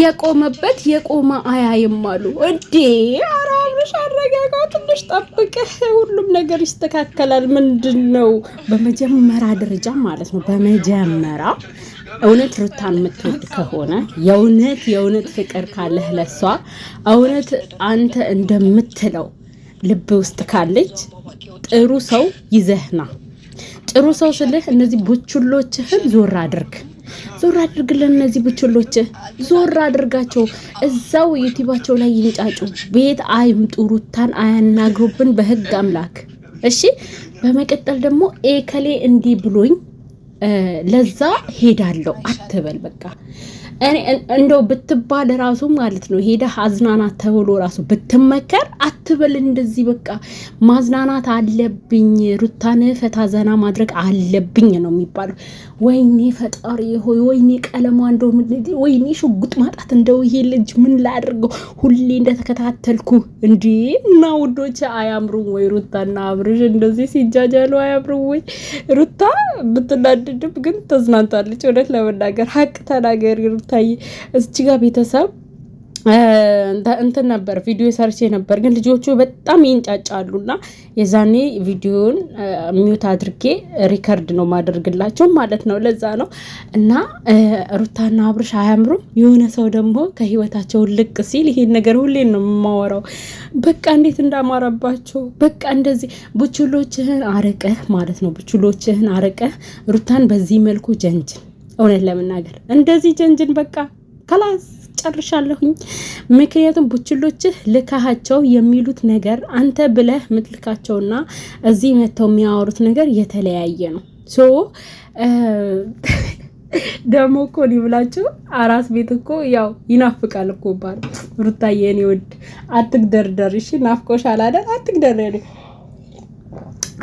የቆመበት የቆመ አያይም አሉ። እዴ አራብሽ አረጋጋ፣ ትንሽ ጠብቀህ ሁሉም ነገር ይስተካከላል። ምንድን ነው በመጀመሪያ ደረጃ ማለት ነው በመጀመሪያ እውነት ሩታን የምትወድ ከሆነ የእውነት የእውነት ፍቅር ካለህ ለሷ እውነት አንተ እንደምትለው ልብ ውስጥ ካለች ጥሩ ሰው ይዘህና ጥሩ ሰው ስልህ እነዚህ ቦቹሎችህን ዞር አድርግ። ዞር አድርግልን። እነዚህ ቡችሎች ዞር አድርጋቸው፣ እዛው ዩቲባቸው ላይ ይንጫጩ። ቤት አይምጡ፣ ሩታን አያናግሩብን በህግ አምላክ። እሺ። በመቀጠል ደግሞ ኤከሌ እንዲህ ብሎኝ ለዛ ሄዳለሁ አትበል በቃ እንደው ብትባል ራሱ ማለት ነው ሄደህ አዝናናት ተብሎ ራሱ ብትመከር አትበል እንደዚህ በቃ ማዝናናት አለብኝ፣ ሩታን ፈታ ዘና ማድረግ አለብኝ ነው የሚባለው። ወይኔ ፈጣሪ ሆይ ወይኔ ቀለማ እንደው ወይኔ ሽጉጥ ማጣት እንደው ይሄ ልጅ ምን ላድርገው ሁሌ እንደተከታተልኩ እንዲ እና ውዶች አያምሩም ወይ ሩታና አብርሽ እንደዚህ ሲጃጃሉ አያምሩም ወይ ሩታ ብትናድድም ግን ተዝናንታለች። እውነት ለመናገር ሀቅ ተናገር ታይ። እዚች ጋ ቤተሰብ እንትን ነበር ቪዲዮ ሰርቼ ነበር፣ ግን ልጆቹ በጣም ይንጫጫሉና የዛኔ ቪዲዮን ሚዩት አድርጌ ሪከርድ ነው ማደርግላቸው ማለት ነው። ለዛ ነው እና ሩታና አብርሽ አያምሩም። የሆነ ሰው ደግሞ ከህይወታቸው ልቅ ሲል ይሄን ነገር ሁሌ ነው የማወራው። በቃ እንዴት እንዳማረባቸው በቃ እንደዚህ ቡችሎችህን አርቀህ ማለት ነው ቡችሎችህን አርቀህ ሩታን በዚህ መልኩ ጀንጅን። እውነት ለመናገር እንደዚህ ጀንጅን በቃ ከላስ ጨርሻለሁኝ። ምክንያቱም ቡችሎችህ ልካሃቸው የሚሉት ነገር አንተ ብለህ ምትልካቸውና እዚህ መጥተው የሚያወሩት ነገር የተለያየ ነው። ሶ ደግሞ እኮ እኔ ብላችሁ አራስ ቤት እኮ ያው ይናፍቃል እኮ ባል ሩታዬ፣ የኔ ውድ አትግደርደር፣ እሺ ናፍቆሻል አይደል? አትግደርደር።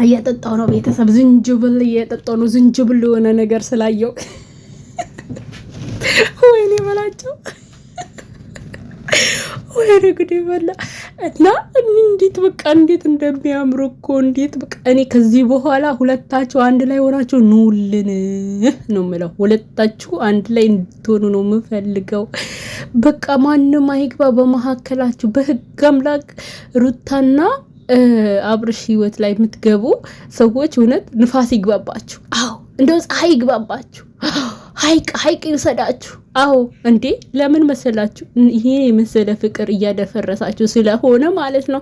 እየጠጣው ነው ቤተሰብ ዝንጅብል እየጠጣው ነው። ዝንጅብል የሆነ ነገር ስላየው ወይኔ በላቸው። ወይኔ ጉዴ በላ እና እንዴት በቃ እንዴት እንደሚያምሩ እኮ እንዴት በቃ እኔ ከዚህ በኋላ ሁለታችሁ አንድ ላይ ሆናችሁ ኑልን ነው ምለው። ሁለታችሁ አንድ ላይ እንድትሆኑ ነው የምፈልገው። በቃ ማንም አይግባ በመካከላችሁ። በህግ አምላክ ሩታና አብርሽ ህይወት ላይ የምትገቡ ሰዎች እውነት ንፋስ ይግባባችሁ። አዎ እንደው ፀሐይ ይግባባችሁ። ሀይቅ ሀይቅ ይውሰዳችሁ። አዎ እንዴ ለምን መሰላችሁ? ይሄ የመሰለ ፍቅር እያደፈረሳችሁ ስለሆነ ማለት ነው።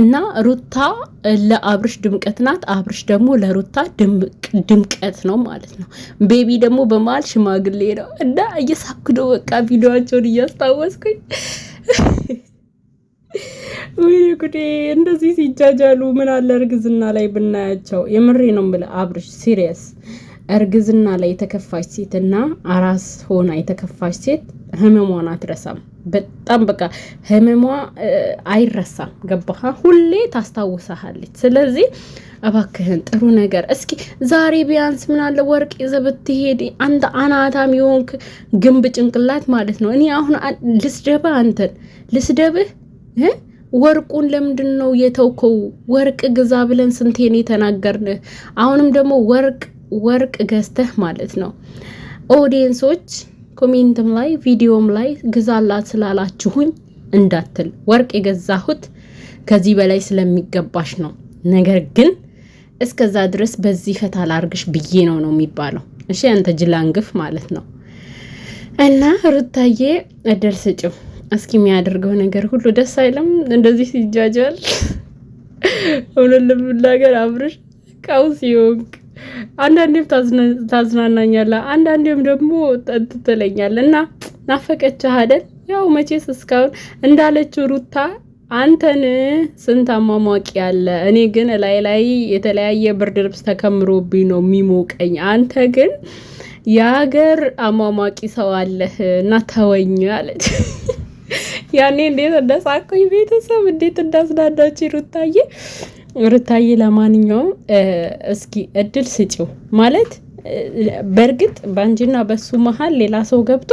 እና ሩታ ለአብርሽ ድምቀት ናት፣ አብርሽ ደግሞ ለሩታ ድምቀት ነው ማለት ነው። ቤቢ ደግሞ በመሀል ሽማግሌ ነው እና እየሳክዶ በቃ ቪዲዮቸውን እያስታወስኩኝ ወይ ጉዴ! እንደዚህ ሲጃጃሉ ምን አለ እርግዝና ላይ ብናያቸው። የምሬ ነው የምልህ አብርሽ ሲሪየስ እርግዝና ላይ የተከፋች ሴት እና አራስ ሆና የተከፋች ሴት ህመሟን አትረሳም። በጣም በቃ ህመሟ አይረሳም። ገባህ? ሁሌ ታስታውሰሃለች። ስለዚህ እባክህን ጥሩ ነገር እስኪ ዛሬ ቢያንስ ምናለ ወርቅ ይዘህ ብትሄድ፣ አንተ አናታም የሆንክ ግንብ ጭንቅላት ማለት ነው። እኔ አሁን ልስደብህ፣ አንተን ልስደብህ ወርቁን ለምንድን ነው የተውከው? ወርቅ ግዛ ብለን ስንቴን የተናገርንህ? አሁንም ደግሞ ወርቅ ወርቅ ገዝተህ ማለት ነው ኦዲየንሶች ኮሜንትም ላይ ቪዲዮም ላይ ግዛላት ስላላችሁኝ እንዳትል። ወርቅ የገዛሁት ከዚህ በላይ ስለሚገባሽ ነው። ነገር ግን እስከዛ ድረስ በዚህ ፈታ ላርግሽ ብዬ ነው ነው የሚባለው። እሺ አንተ ጅላንግፍ ማለት ነው። እና ሩታዬ እድል ስጭው እስኪ። የሚያደርገው ነገር ሁሉ ደስ አይልም። እንደዚህ ሲጃጃል እውነት ለመናገር አብርሽ ቀውስ ይሆንክ አንዳንዴም ታዝናናኛለ፣ አንዳንዴም ደግሞ ትለኛል እና ናፈቀች አደል? ያው መቼስ እስካሁን እንዳለችው ሩታ አንተን ስንት አሟሟቂ አለ። እኔ ግን ላይ ላይ የተለያየ ብርድ ልብስ ተከምሮብኝ ነው የሚሞቀኝ። አንተ ግን የሀገር አሟሟቂ ሰው አለህ እና ተወኝ አለች። ያኔ እንዴት እንደሳቀኝ ቤተሰብ እንዴት እንዳስዳዳች ሩታዬ። ሩታዬ ለማንኛውም እስኪ እድል ስጪው ማለት በእርግጥ በአንቺና በሱ መሀል ሌላ ሰው ገብቶ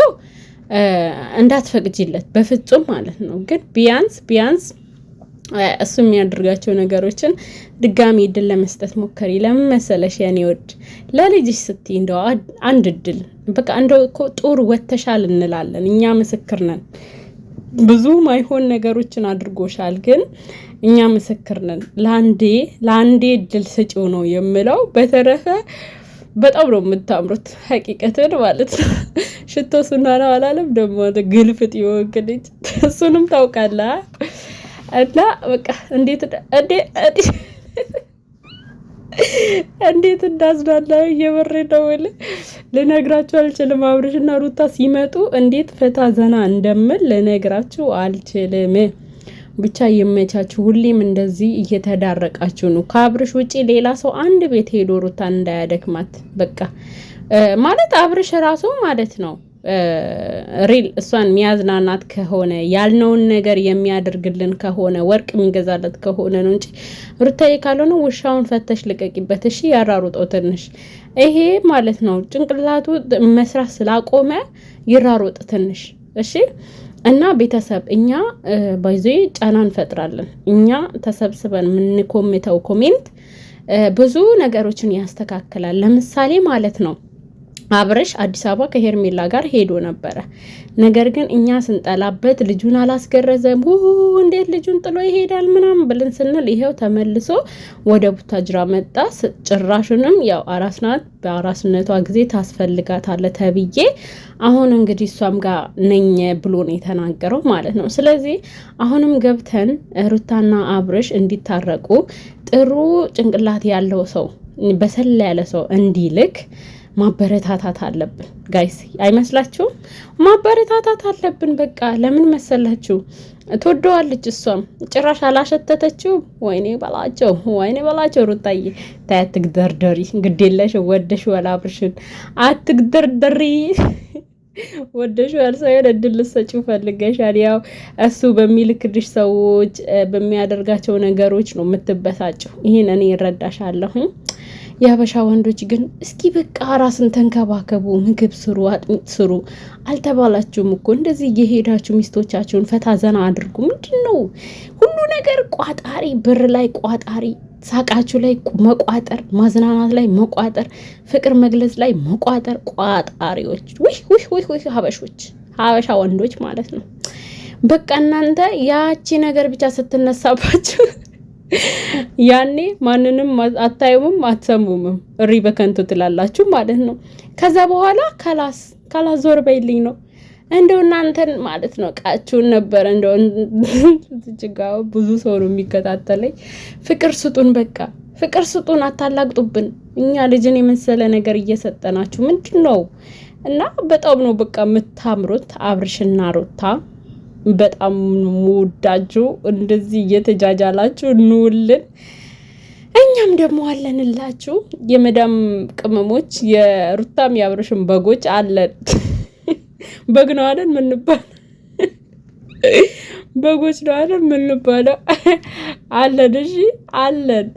እንዳትፈቅጂለት በፍጹም ማለት ነው። ግን ቢያንስ ቢያንስ እሱ የሚያደርጋቸው ነገሮችን ድጋሚ እድል ለመስጠት ሞከሪ። ለምን መሰለሽ የኔ ወድ ለልጅሽ ስትይ እንደው አንድ እድል በቃ እንደው እኮ ጡር ወተሻል እንላለን እኛ ምስክር ነን። ብዙ ማይሆን ነገሮችን አድርጎሻል፣ ግን እኛ ምስክር ነን። ለአንዴ ለአንዴ እድል ስጪው ነው የምለው። በተረፈ በጣም ነው የምታምሩት፣ ሀቂቀትን ማለት ነው። ሽቶ ሱና ነው አላለም ደግሞ ግልፍጥ የወንክ ልጅ እሱንም ታውቃለህ እና በቃ እንዴት እንዴት እንዳዝናና እየበሬ ነው። ልነግራችሁ አልችልም። አብርሽና ሩታ ሲመጡ እንዴት ፈታ ዘና እንደምል ልነግራችሁ አልችልም። ብቻ ይመቻችሁ። ሁሌም እንደዚህ እየተዳረቃችሁ ነው። ከአብርሽ ውጪ ሌላ ሰው አንድ ቤት ሄዶ ሩታን እንዳያደክማት በቃ ማለት አብርሽ ራሱ ማለት ነው ሪል እሷን የሚያዝናናት ከሆነ ያልነውን ነገር የሚያደርግልን ከሆነ ወርቅ የሚገዛለት ከሆነ ነው እንጂ ሩታዬ ካልሆነ ውሻውን ፈተሽ ልቀቂበት። እሺ ያራሩጠው ትንሽ ይሄ ማለት ነው ጭንቅላቱ መስራት ስላቆመ ይራሩጥ ትንሽ እሺ። እና ቤተሰብ እኛ ባይዞ ጫና እንፈጥራለን። እኛ ተሰብስበን የምንኮምተው ኮሜንት ብዙ ነገሮችን ያስተካክላል። ለምሳሌ ማለት ነው አብረሽ አዲስ አበባ ከሄርሜላ ጋር ሄዶ ነበረ። ነገር ግን እኛ ስንጠላበት ልጁን አላስገረዘም፣ እንዴት ልጁን ጥሎ ይሄዳል ምናምን ብለን ስንል ይሄው ተመልሶ ወደ ቡታጅራ መጣ። ጭራሹንም ያው አራስ ናት፣ በአራስነቷ ጊዜ ታስፈልጋታለ ተብዬ አሁን እንግዲህ እሷም ጋር ነኝ ብሎ ነው የተናገረው ማለት ነው። ስለዚህ አሁንም ገብተን ሩታና አብረሽ እንዲታረቁ ጥሩ ጭንቅላት ያለው ሰው በሰላ ያለ ሰው እንዲልክ ማበረታታት አለብን ጋይስ፣ አይመስላችሁም? ማበረታታት አለብን። በቃ ለምን መሰላችሁ? ትወደዋለች እሷም ጭራሽ አላሸተተችው። ወይኔ በላቸው፣ ወይኔ በላቸው። ሩታዬ ታይ አትግደርደሪ፣ ግዴለሽ ወደሽ ወላብርሽን አትግደርደሪ ወደሹ ያልሳይሆን እድል ልትሰጪው ፈልገሻል። ያው እሱ በሚልክልሽ ሰዎች በሚያደርጋቸው ነገሮች ነው የምትበሳጭው። ይህን እኔ ይረዳሻለሁኝ። የሀበሻ ወንዶች ግን እስኪ በቃ ራስን ተንከባከቡ፣ ምግብ ስሩ፣ አጥሚት ስሩ። አልተባላችሁም እኮ እንደዚህ እየሄዳችሁ ሚስቶቻችሁን ፈታ ዘና አድርጉ። ምንድን ነው ሁሉ ነገር ቋጣሪ፣ ብር ላይ ቋጣሪ፣ ሳቃችሁ ላይ መቋጠር፣ ማዝናናት ላይ መቋጠር፣ ፍቅር መግለጽ ላይ መቋጠር። ቋጣሪዎች! ውይ ውይ ውይ ውይ! ሀበሾች፣ ሀበሻ ወንዶች ማለት ነው። በቃ እናንተ ያቺ ነገር ብቻ ስትነሳባችሁ ያኔ ማንንም አታዩምም አትሰሙምም፣ እሪ በከንቱ ትላላችሁ ማለት ነው። ከዛ በኋላ ከላስ ከላስ ዞር በይልኝ ነው እንደው እናንተን ማለት ነው ቃችሁን ነበረ እንደው ብዙ ሰው ነው የሚከታተለኝ። ፍቅር ስጡን፣ በቃ ፍቅር ስጡን፣ አታላግጡብን። እኛ ልጅን የመሰለ ነገር እየሰጠናችሁ ምንድን ነው? እና በጣም ነው በቃ የምታምሩት አብርሽና ሩታ በጣም ምወዳችሁ። እንደዚህ እየተጃጃላችሁ እንውልን፣ እኛም ደግሞ አለንላችሁ። የመዳም ቅመሞች የሩታም የአብረሽን በጎች አለን። በግ ነው አለን ምንባል በጎች ነው አለን ምንባለው አለን። እሺ አለን።